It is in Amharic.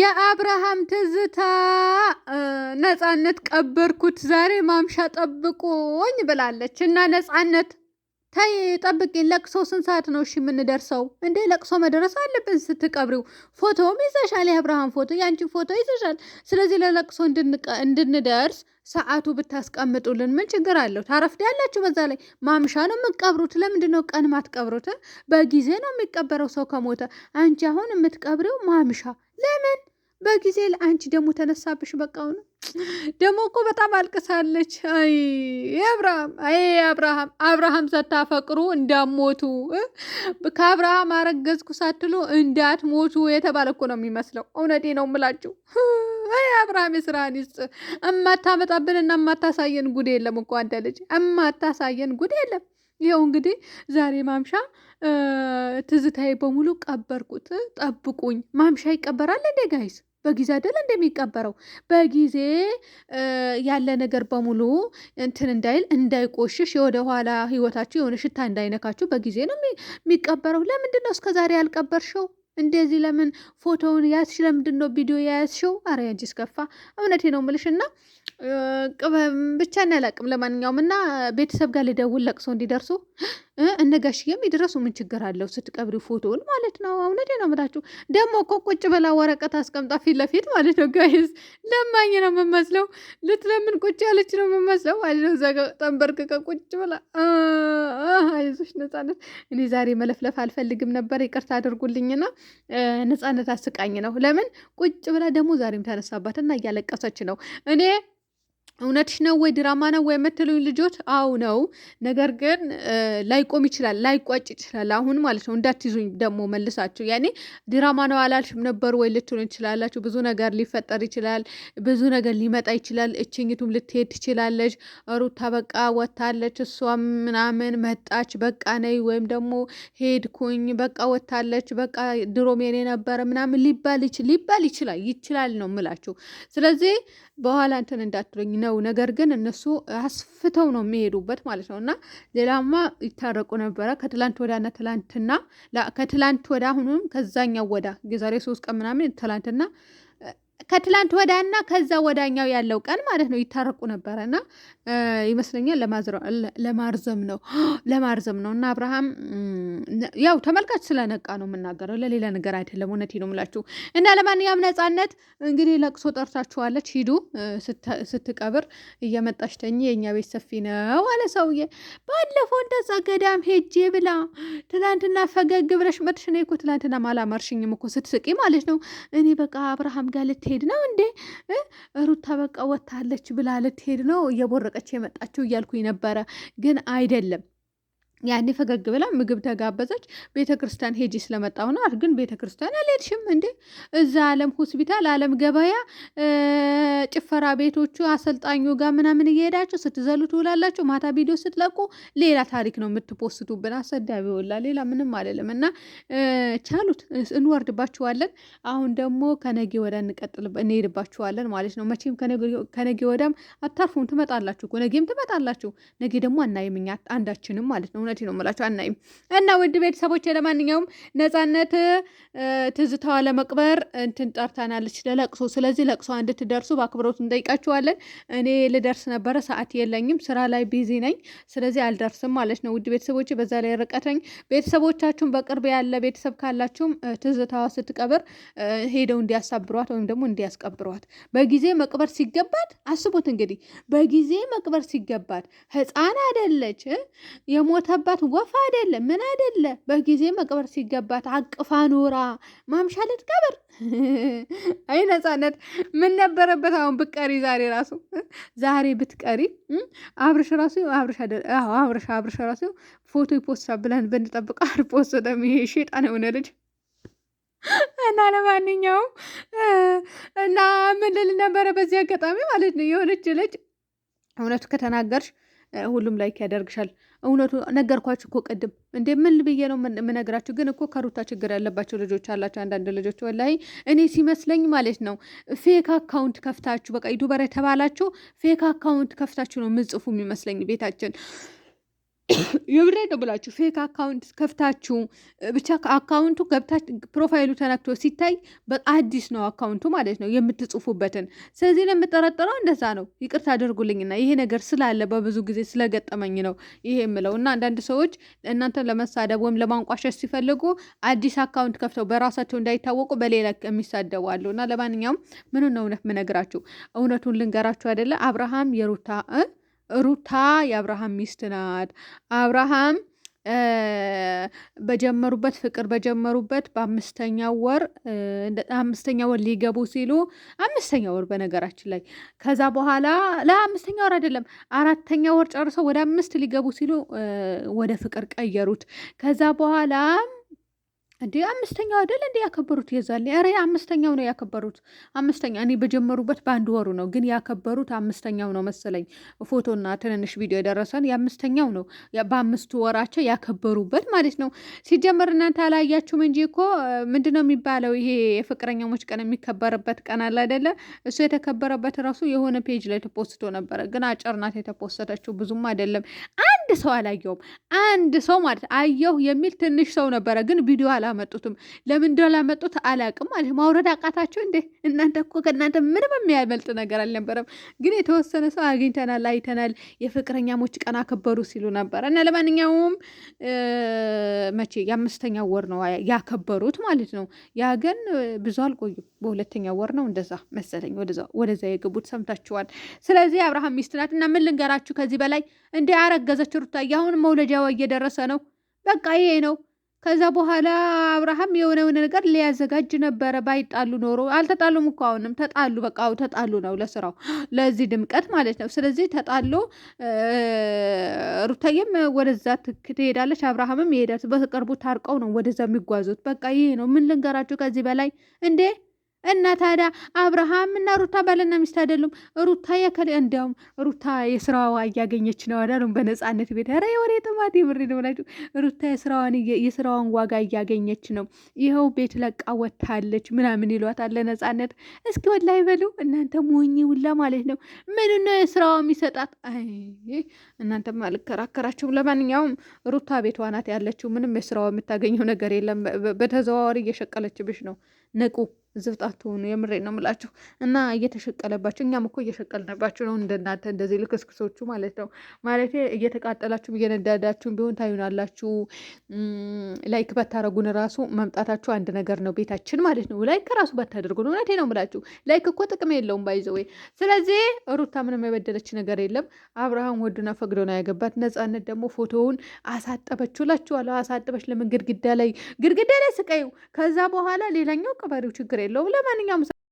የአብርሃም ትዝታ ነፃነት ቀበርኩት ዛሬ ማምሻ ጠብቁኝ ብላለች። እና ነፃነት ተይ ጠብቂን፣ ለቅሶ ስንት ሰዓት ነው እሺ የምንደርሰው? እንዴ ለቅሶ መድረስ አለብን። ስትቀብሪው ፎቶም ይዘሻል፣ የአብርሃም ፎቶ፣ የአንቺን ፎቶ ይዘሻል። ስለዚህ ለለቅሶ እንድንደርስ ሰዓቱ ብታስቀምጡልን ምን ችግር አለው? ያላችሁ በዛ ላይ ማምሻ ነው የምትቀብሩት። ለምንድን ነው ቀን ማትቀብሩት? በጊዜ ነው የሚቀበረው ሰው ከሞተ። አንቺ አሁን የምትቀብሪው ማምሻ ለምን በጊዜ ለአንቺ ደግሞ ተነሳብሽ። በቃ ነው ደግሞ እኮ በጣም አልቅሳለች። አብርሃም፣ አብርሃም፣ አብርሃም ሳታፈቅሩ እንዳትሞቱ ከአብርሃም አረገዝኩ ሳትሉ እንዳትሞቱ የተባለ እኮ ነው የሚመስለው። እውነቴ ነው የምላችሁ። አብርሃም የስራን ይስጥ። እማታመጣብንና እማታሳየን ጉድ የለም እኮ አንተ ልጅ፣ እማታሳየን ጉድ የለም። ይኸው እንግዲህ ዛሬ ማምሻ ትዝታዬ በሙሉ ቀበርኩት። ጠብቁኝ። ማምሻ ይቀበራል እንዴ ጋይስ? በጊዜ አይደል እንደሚቀበረው? በጊዜ ያለ ነገር በሙሉ እንትን እንዳይል እንዳይቆሽሽ፣ የወደ ኋላ ህይወታችሁ የሆነ ሽታ እንዳይነካችሁ በጊዜ ነው የሚቀበረው። ለምንድን ነው እስከዛሬ ያልቀበርሽው? እንደዚህ ለምን ፎቶውን ያዝሽ? ለምንድን ነው ቪዲዮ የያዝሽው? አረ ያንቺስ ከፋ። እውነቴ ነው ምልሽ እና ብቻ እናላቅም። ለማንኛውም እና ቤተሰብ ጋር ልደውል ለቅሶ እንዲደርሱ እነ ጋሽዬም የደረሱ ምን ችግር አለው? ስትቀብሪ ፎቶውን ማለት ነው። እውነቴ ነው የምላችሁ። ደግሞ እኮ ቁጭ ብላ ወረቀት አስቀምጣ ፊት ለፊት ማለት ነው። ጋይዝ ለማኝ ነው የምመስለው፣ ልትለምን ቁጭ ያለች ነው የምመስለው ማለት ነው። እዛ ጋ ተንበርክከ ቁጭ ብላ አይዞሽ ነፃነት። እኔ ዛሬ መለፍለፍ አልፈልግም ነበር፣ ይቅርታ አድርጉልኝና ነጻነት አስቃኝ ነው። ለምን ቁጭ ብላ ደግሞ ዛሬም ተነሳባትና እያለቀሰች ነው እኔ እውነትሽ ነው ወይ ድራማ ነው ወይ የምትሉኝ ልጆች፣ አው ነው። ነገር ግን ላይቆም ይችላል ላይቋጭ ይችላል። አሁን ማለት ነው እንዳትይዙኝ ደግሞ መልሳችሁ። ያኔ ድራማ ነው አላልሽም ነበር ወይ ልትሉ ይችላላችሁ። ብዙ ነገር ሊፈጠር ይችላል፣ ብዙ ነገር ሊመጣ ይችላል። እችኝቱም ልትሄድ ትችላለች። ሩታ በቃ ወታለች፣ እሷ ምናምን መጣች፣ በቃ ነይ ወይም ደግሞ ሄድኩኝ፣ በቃ ወታለች፣ በቃ ድሮም የኔ ነበረ ምናምን ሊባል ይችላል። ይችላል ነው ምላችሁ። ስለዚህ በኋላ እንትን እንዳትሉኝ ነው ነው። ነገር ግን እነሱ አስፍተው ነው የሚሄዱበት ማለት ነው እና ሌላማ ይታረቁ ነበረ ከትላንት ወዳና ትላንትና ከትላንት ወዳ አሁኑም ከዛኛው ወዳ የዛሬ ሶስት ቀን ምናምን ትላንትና ከትላንት ወዳና ከዛ ወዳኛው ያለው ቀን ማለት ነው ይታረቁ ነበረ እና ይመስለኛል ለማርዘም ነው ለማርዘም ነው። እና አብርሃም ያው ተመልካች ስለነቃ ነው የምናገረው፣ ለሌላ ነገር አይደለም። እውነቴን ነው የምላችሁ። እና ለማንኛውም ነጻነት እንግዲህ ለቅሶ ጠርታችኋለች፣ ሂዱ። ስትቀብር እየመጣች ተኝ፣ የእኛ ቤት ሰፊ ነው አለ ሰውዬ። ባለፈው እንደዛ ገዳም ሄጄ ብላ ትላንትና ፈገግ ብለሽ መጥሽ። እኔ እኮ ትላንትና አላማርሽኝም እኮ ስትስቂ ማለት ነው። እኔ በቃ አብርሃም ጋር ልትሄድ ነው እንዴ ሩታ በቃ ወታለች ብላ ልትሄድ ነው እየቦረቀች የመጣችው እያልኩኝ ነበረ፣ ግን አይደለም ያኔ ፈገግ ብላ ምግብ ተጋበዘች። ቤተ ክርስቲያን ሄጂ ስለመጣው ነው ግን ቤተ ክርስቲያን አልሄድሽም እንዴ? እዛ አለም ሆስፒታል፣ አለም ገበያ፣ ጭፈራ ቤቶቹ አሰልጣኙ ጋር ምናምን እየሄዳችሁ ስትዘሉ ትውላላችሁ። ማታ ቪዲዮ ስትለቁ ሌላ ታሪክ ነው የምትፖስቱብን። አሰዳቢ ወላ ሌላ ምንም አይደለም። እና ቻሉት እንወርድባችኋለን። አሁን ደግሞ ከነጌ ወዳ እንቀጥል እንሄድባችኋለን ማለት ነው። መቼም ከነጌ ወዳም አታርፉም፣ ትመጣላችሁ። ነገም ትመጣላችሁ። ነጌ ደግሞ አናይምኛ አንዳችንም ማለት ነው እውነት ነው የምላቸው አናይም። እና ውድ ቤተሰቦች ለማንኛውም ነፃነት ትዝታዋ ለመቅበር እንትን ጠርታናለች ለለቅሶ። ስለዚህ ለቅሶ እንድትደርሱ በአክብሮት እንጠይቃችኋለን። እኔ ልደርስ ነበረ ሰዓት የለኝም፣ ስራ ላይ ቢዚ ነኝ። ስለዚህ አልደርስም ማለት ነው ውድ ቤተሰቦች። በዛ ላይ ርቀት ነኝ። ቤተሰቦቻችሁን በቅርብ ያለ ቤተሰብ ካላችሁም ትዝታዋ ስትቀብር ሄደው እንዲያሳብሯት ወይም ደግሞ እንዲያስቀብሯት በጊዜ መቅበር ሲገባት አስቡት እንግዲህ በጊዜ መቅበር ሲገባት ህፃን አይደለች የሞተ ሲገባት ወፍ አይደለ ምን አይደለ በጊዜ መቅበር ሲገባት አቅፋ ኖራ ማምሻ ልትቀብር። አይ ነፃነት ምን ነበረበት አሁን ብቀሪ ዛሬ ራሱ ዛሬ ብትቀሪ አብርሽ ራሱ አብርሽ አብርሽ ራሱ ፎቶ ይፖስታ ብለን ብንጠብቅ አርፖስ ይሄ ሼጣን የሆነ ልጅ እና ለማንኛውም እና ምን ልል ነበረ በዚህ አጋጣሚ ማለት ነው የሆነች ልጅ እውነቱ ከተናገርሽ ሁሉም ላይክ ያደርግሻል። እውነቱ ነገርኳችሁ እኮ ቅድም። እንዴ ምን ብዬ ነው የምነግራችሁ? ግን እኮ ከሩታ ችግር ያለባቸው ልጆች አላቸው። አንዳንድ ልጆች ወላሂ እኔ ሲመስለኝ ማለት ነው ፌክ አካውንት ከፍታችሁ በቃ ዩቱበር የተባላችሁ ፌክ አካውንት ከፍታችሁ ነው ምጽፉ የሚመስለኝ ቤታችን የብሬ ነው ብላችሁ ፌክ አካውንት ከፍታችሁ ብቻ አካውንቱ ገብታ ፕሮፋይሉ ተነክቶ ሲታይ አዲስ ነው አካውንቱ ማለት ነው የምትጽፉበትን። ስለዚህ ነው የምጠረጠረው፣ እንደዛ ነው። ይቅርታ አድርጉልኝና ይሄ ነገር ስላለ በብዙ ጊዜ ስለገጠመኝ ነው ይሄ የምለው እና አንዳንድ ሰዎች እናንተን ለመሳደብ ወይም ለማንቋሸሽ ሲፈልጉ አዲስ አካውንት ከፍተው በራሳቸው እንዳይታወቁ በሌላ የሚሳደቡ አሉ። እና ለማንኛውም ምኑን ነው እውነት ምነግራችሁ? እውነቱን ልንገራችሁ አይደለ አብርሃም የሩታ ሩታ የአብርሃም ሚስት ናት። አብርሃም በጀመሩበት ፍቅር በጀመሩበት በአምስተኛው ወር አምስተኛ ወር ሊገቡ ሲሉ አምስተኛ ወር በነገራችን ላይ ከዛ በኋላ ለአምስተኛ ወር አይደለም አራተኛ ወር ጨርሰው ወደ አምስት ሊገቡ ሲሉ ወደ ፍቅር ቀየሩት። ከዛ በኋላ እንዴ አምስተኛው አይደል እንዴ ያከበሩት? የዛለ ኧረ አምስተኛው ነው ያከበሩት። አምስተኛ እኔ በጀመሩበት በአንድ ወሩ ነው ግን ያከበሩት አምስተኛው ነው መሰለኝ። ፎቶና ትንንሽ ቪዲዮ የደረሰን የአምስተኛው ነው በአምስቱ ወራቸው ያከበሩበት ማለት ነው። ሲጀመር እናንተ አላያችሁም እንጂ እኮ ምንድን ነው የሚባለው ይሄ የፍቅረኛሞች ቀን የሚከበርበት ቀን አለ አይደለ? እሱ የተከበረበት ራሱ የሆነ ፔጅ ላይ ተፖስቶ ነበረ፣ ግን አጭር ናት የተፖሰተችው ብዙም አይደለም። አንድ ሰው አላየውም። አንድ ሰው ማለት አየሁ የሚል ትንሽ ሰው ነበረ፣ ግን ቪዲዮ አላመጡትም። ለምን አላመጡት አላቅም። ማለት ማውረድ አቃታቸው እንዴ? እናንተ እኮ ከእናንተ ምንም የሚያመልጥ ነገር አልነበረም። ግን የተወሰነ ሰው አግኝተናል፣ አይተናል፣ የፍቅረኛሞች ቀን አከበሩ ሲሉ ነበረ። እና ለማንኛውም መቼ የአምስተኛ ወር ነው ያከበሩት ማለት ነው። ያ ግን ብዙ አልቆዩም። በሁለተኛ ወር ነው እንደዛ መሰለኝ ወደዛ የገቡት ሰምታችኋል። ስለዚህ አብርሃም ሚስት ናት እና ምን ልንገራችሁ ከዚህ በላይ እንደ አረገዘች መጣች ሩታዬ። አሁን መውለጃዋ እየደረሰ ነው። በቃ ይሄ ነው። ከዛ በኋላ አብርሃም የሆነ የሆነ ነገር ሊያዘጋጅ ነበረ። ባይጣሉ ኖሮ አልተጣሉም እኮ አሁንም ተጣሉ። በቃ ተጣሉ ነው ለስራው፣ ለዚህ ድምቀት ማለት ነው። ስለዚህ ተጣሉ። ሩታዬም ወደዛ ትሄዳለች፣ አብርሃምም ይሄዳል። በቅርቡ ታርቀው ነው ወደዛ የሚጓዙት። በቃ ይሄ ነው። ምን ልንገራችሁ ከዚህ በላይ እንዴ? እና ታዲያ አብርሃም እና ሩታ ባልና ሚስት አይደሉም? ሩታ የከል እንዲያውም ሩታ የስራዋ እያገኘች ነው አላሉም? በነፃነት ቤት ረ የወሬ ጥማት የምሬ ነው ብላችሁ ሩታ የስራዋን ዋጋ እያገኘች ነው፣ ይኸው ቤት ለቃ ወታለች ምናምን ይሏታል ለነፃነት። እስኪ ወላሂ በሉ እናንተ ሞኝ ውላ ማለት ነው። ምን ነው የስራዋ የሚሰጣት? እናንተ እናንተማ አልከራከራችሁም። ለማንኛውም ሩታ ቤቷ ናት ያለችው፣ ምንም የስራዋ የምታገኘው ነገር የለም። በተዘዋዋሪ እየሸቀለችብሽ ነው። ንቁ ሆኑ የምሬ ነው የምላችሁ። እና እየተሸቀለባችሁ እኛም እኮ እየሸቀልንባችሁ ነው እንደናንተ እንደዚህ ልክስክሶቹ ማለት ነው። ማለት እየተቃጠላችሁም እየነዳዳችሁም ቢሆን ታዩናላችሁ። ላይክ በታረጉን ራሱ መምጣታችሁ አንድ ነገር ነው ቤታችን ማለት ነው። ላይክ ራሱ በታደርጉን እውነቴ ነው ምላችሁ፣ ላይክ እኮ ጥቅም የለውም ባይዘ ወይ። ስለዚህ ሩታ ምንም የበደለች ነገር የለም። አብርሃም ወዱና ፈቅዶ ነው ያገባት። ነፃነት ደግሞ ፎቶውን አሳጠበችው እላችኋለሁ። አሳጠበች ለምን ግድግዳ ላይ ግድግዳ ላይ ስቀዩ። ከዛ በኋላ ሌላኛው ቀባሪው ችግር የለውም። ለማንኛውም